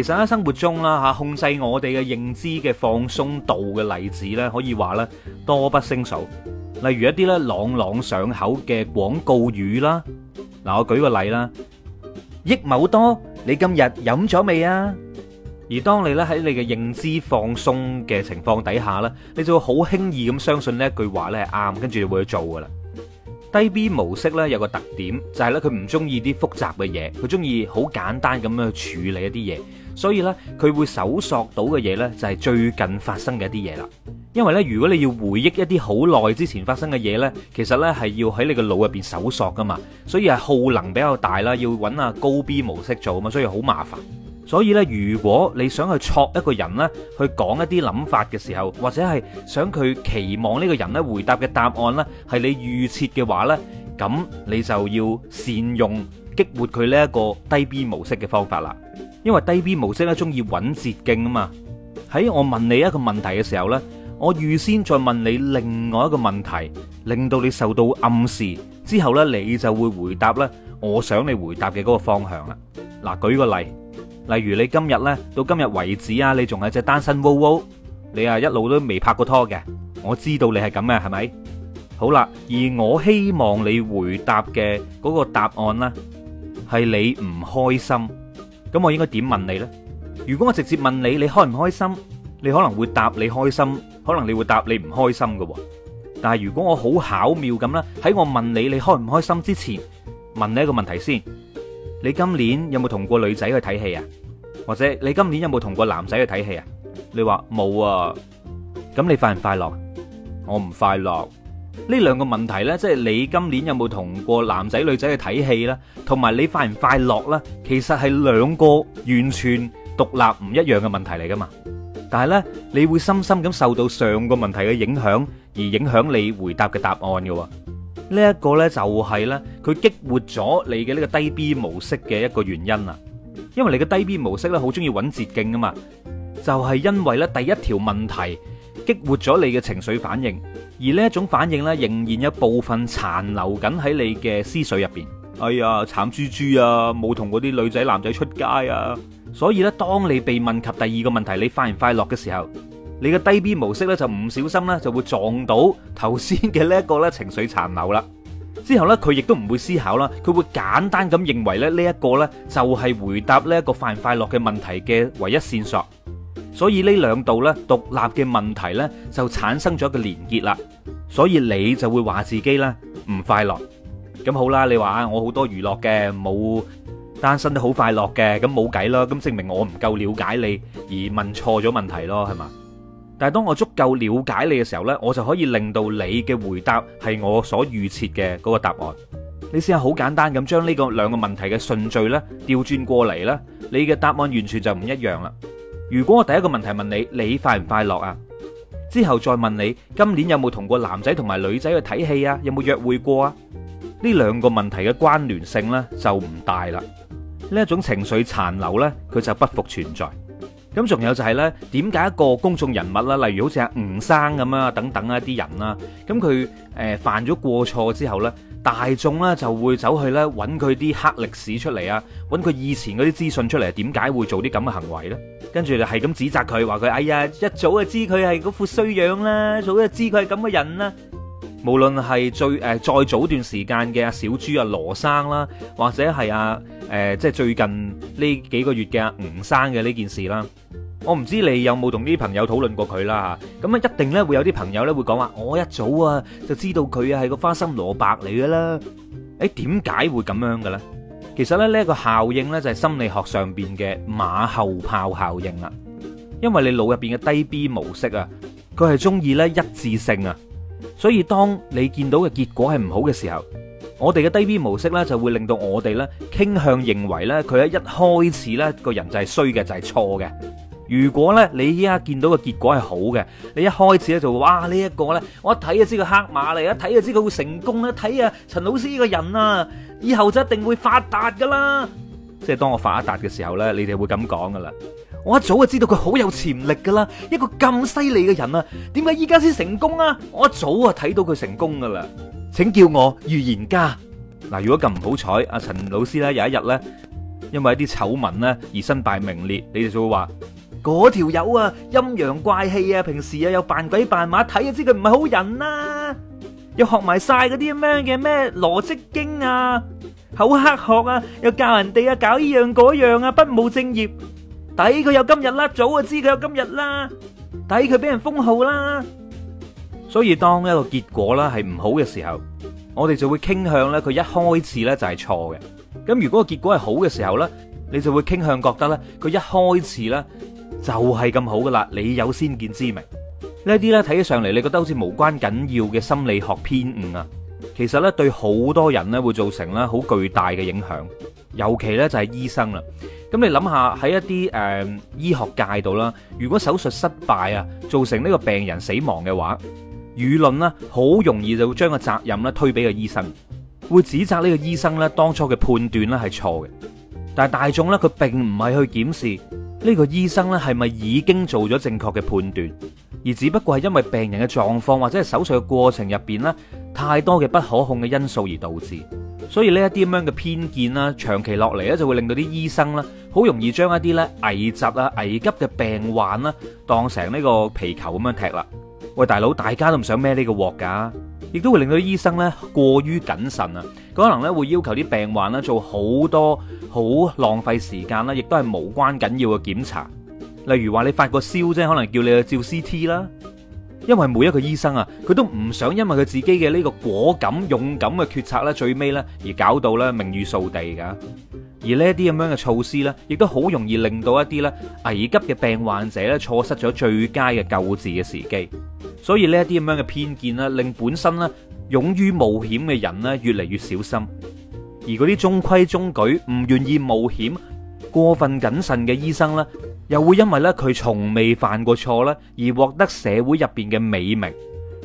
其實喺生活中啦吓，控制我哋嘅認知嘅放鬆度嘅例子咧，可以話咧多不勝數。例如一啲咧朗朗上口嘅廣告語啦，嗱我舉個例啦，益某多，你今日飲咗未啊？而當你咧喺你嘅認知放鬆嘅情況底下咧，你就會好輕易咁相信呢一句話咧係啱，跟住就會去做噶啦。低 B 模式咧有個特點就係咧佢唔中意啲複雜嘅嘢，佢中意好簡單咁樣去處理一啲嘢。所以咧，佢會搜索到嘅嘢呢，就係最近發生嘅一啲嘢啦。因為呢，如果你要回憶一啲好耐之前發生嘅嘢呢，其實呢係要喺你個腦入邊搜索噶嘛，所以係耗能比較大啦。要揾下高 B 模式做啊嘛，所以好麻煩。所以呢，如果你想去捉一個人呢，去講一啲諗法嘅時候，或者係想佢期望呢個人呢回答嘅答案呢，係你預設嘅話呢，咁你就要善用激活佢呢一個低 B 模式嘅方法啦。因為低 B 模式咧，中意揾捷徑啊嘛。喺我問你一個問題嘅時候呢，我預先再問你另外一個問題，令到你受到暗示之後呢，你就會回答咧，我想你回答嘅嗰個方向啦。嗱，舉個例，例如你今日呢，到今日為止啊，你仲係只單身，汪汪，你啊一路都未拍過拖嘅。我知道你係咁嘅，係咪？好啦，而我希望你回答嘅嗰個答案呢，係你唔開心。咁我應該點問你呢？如果我直接問你，你開唔開心？你可能會答你開心，可能你會答你唔開心嘅喎。但係如果我好巧妙咁啦，喺我問你你開唔開心之前，問你一個問題先：你今年有冇同過女仔去睇戲啊？或者你今年有冇同過男仔去睇戲啊？你話冇啊？咁你快唔快樂？我唔快樂。呢兩個問題呢，即係你今年有冇同過男仔女仔去睇戲呢？同埋你快唔快樂呢？其實係兩個完全獨立唔一樣嘅問題嚟噶嘛。但係呢，你會深深咁受到上個問題嘅影響，而影響你回答嘅答案嘅。呢、這、一個呢，就係呢，佢激活咗你嘅呢個低 B 模式嘅一個原因啊。因為你嘅低 B 模式呢，好中意揾捷徑啊嘛，就係、是、因為呢，第一條問題。激活咗你嘅情緒反應，而呢一種反應咧，仍然有部分殘留緊喺你嘅思緒入邊。哎呀，慘豬豬啊，冇同嗰啲女仔男仔出街啊！所以呢，當你被問及第二個問題，你快唔快樂嘅時候，你嘅低 B 模式呢，就唔小心呢，就會撞到頭先嘅呢一個呢情緒殘留啦。之後呢，佢亦都唔會思考啦，佢會簡單咁認為咧，呢一個呢，就係回答呢一個快唔快樂嘅問題嘅唯一線索。所以呢兩道咧獨立嘅問題呢，就產生咗一個連結啦，所以你就會話自己呢唔快樂。咁好啦，你話啊，我好多娛樂嘅，冇單身都好快樂嘅，咁冇計啦，咁證明我唔夠了解你而問錯咗問題咯，係嘛？但係當我足夠了解你嘅時候呢，我就可以令到你嘅回答係我所預設嘅嗰個答案。你試下好簡單咁將呢個兩個問題嘅順序呢調轉過嚟啦，你嘅答案完全就唔一樣啦。如果我第一個問題問你，你快唔快樂啊？之後再問你今年有冇同過男仔同埋女仔去睇戲啊？有冇約會過啊？呢兩個問題嘅關聯性呢，就唔大啦。呢一種情緒殘留呢，佢就不復存在。咁仲有就係呢，點解一個公眾人物啦，例如好似阿吳生咁啊，等等一啲人啦，咁佢誒犯咗過錯之後呢。大眾咧就會走去咧揾佢啲黑歷史出嚟啊，揾佢以前嗰啲資訊出嚟，點解會做啲咁嘅行為咧？跟住就係咁指責佢，話佢哎呀，一早就知佢係嗰副衰樣啦，早就知佢係咁嘅人啦。無論係最誒、呃、再早段時間嘅阿小豬啊羅生啦，或者係阿誒即係最近呢幾個月嘅阿吳生嘅呢件事啦。我唔知你有冇同啲朋友討論過佢啦吓，咁啊一定咧會有啲朋友咧會講話我一早啊就知道佢啊係個花心蘿蔔嚟嘅啦。誒，點解會咁樣嘅咧？其實咧呢個效應呢，就係心理學上邊嘅馬後炮效應啦，因為你腦入邊嘅低 B 模式啊，佢係中意咧一致性啊，所以當你見到嘅結果係唔好嘅時候，我哋嘅低 B 模式呢，就會令到我哋咧傾向認為呢，佢喺一開始咧個人就係衰嘅，就係錯嘅。如果咧，你依家見到個結果係好嘅，你一開始咧就哇、這個、呢一個咧，我一睇就知佢黑馬嚟，一睇就知佢會成功啦，睇啊陳老師呢個人啊，以後就一定會發達噶啦。即係當我發達嘅時候咧，你哋會咁講噶啦。我一早就知道佢好有潛力噶啦，一個咁犀利嘅人啊，點解依家先成功啊？我一早啊睇到佢成功噶啦。請叫我預言家。嗱，如果咁唔好彩，阿陳老師咧有一日咧，因為一啲醜聞咧而身敗名裂，你哋就會話。嗰條友啊，陰陽怪氣啊，平時啊又扮鬼扮馬，睇就知佢唔係好人啦。又學埋晒嗰啲咁樣嘅咩羅織經啊，好黑學啊，又教人哋啊搞呢樣嗰樣啊，不務正業。抵佢有今日啦，早就知佢有今日啦，抵佢俾人封號啦。所以當一個結果啦係唔好嘅時候，我哋就會傾向咧佢一開始咧就係錯嘅。咁如果個結果係好嘅時候咧，你就會傾向覺得咧佢一開始咧。就係咁好噶啦！你有先見之明呢啲咧，睇起上嚟，你覺得好似無關緊要嘅心理學偏誤啊，其實咧對好多人咧會造成咧好巨大嘅影響，尤其咧就係醫生啦。咁你諗下喺一啲誒、呃、醫學界度啦，如果手術失敗啊，造成呢個病人死亡嘅話，輿論咧好容易就會將個責任咧推俾個醫生，會指責呢個醫生咧當初嘅判斷咧係錯嘅，但係大眾呢佢並唔係去檢視。呢個醫生咧係咪已經做咗正確嘅判斷？而只不過係因為病人嘅狀況或者係手術嘅過程入邊咧太多嘅不可控嘅因素而導致，所以呢一啲咁樣嘅偏見啦，長期落嚟咧就會令到啲醫生咧好容易將一啲咧危疾啊、危急嘅病患啦當成呢個皮球咁樣踢啦。喂大佬，大家都唔想孭呢個鑊噶啊。亦都會令到啲醫生咧過於謹慎啊，可能咧會要求啲病患咧做好多好浪費時間啦，亦都係無關緊要嘅檢查。例如話你發個燒啫，可能叫你去照 CT 啦，因為每一個醫生啊，佢都唔想因為佢自己嘅呢個果敢勇敢嘅決策咧，最尾咧而搞到咧名譽掃地噶。而呢一啲咁樣嘅措施咧，亦都好容易令到一啲咧危急嘅病患者咧錯失咗最佳嘅救治嘅時機。所以呢一啲咁樣嘅偏見呢令本身呢勇於冒險嘅人呢越嚟越小心，而嗰啲中規中矩、唔願意冒險、過分謹慎嘅醫生呢，又會因為呢佢從未犯過錯呢而獲得社會入邊嘅美名。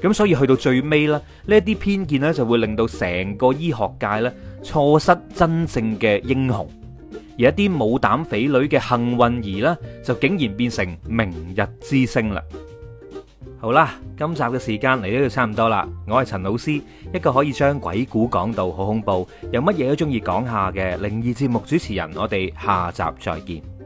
咁所以去到最尾呢呢啲偏見呢就會令到成個醫學界呢錯失真正嘅英雄，而一啲冇膽匪類嘅幸運兒呢，就竟然變成明日之星啦。好啦，今集嘅時間嚟到，就差唔多啦，我係陳老師，一個可以將鬼故講到好恐怖，又乜嘢都中意講下嘅靈異節目主持人，我哋下集再見。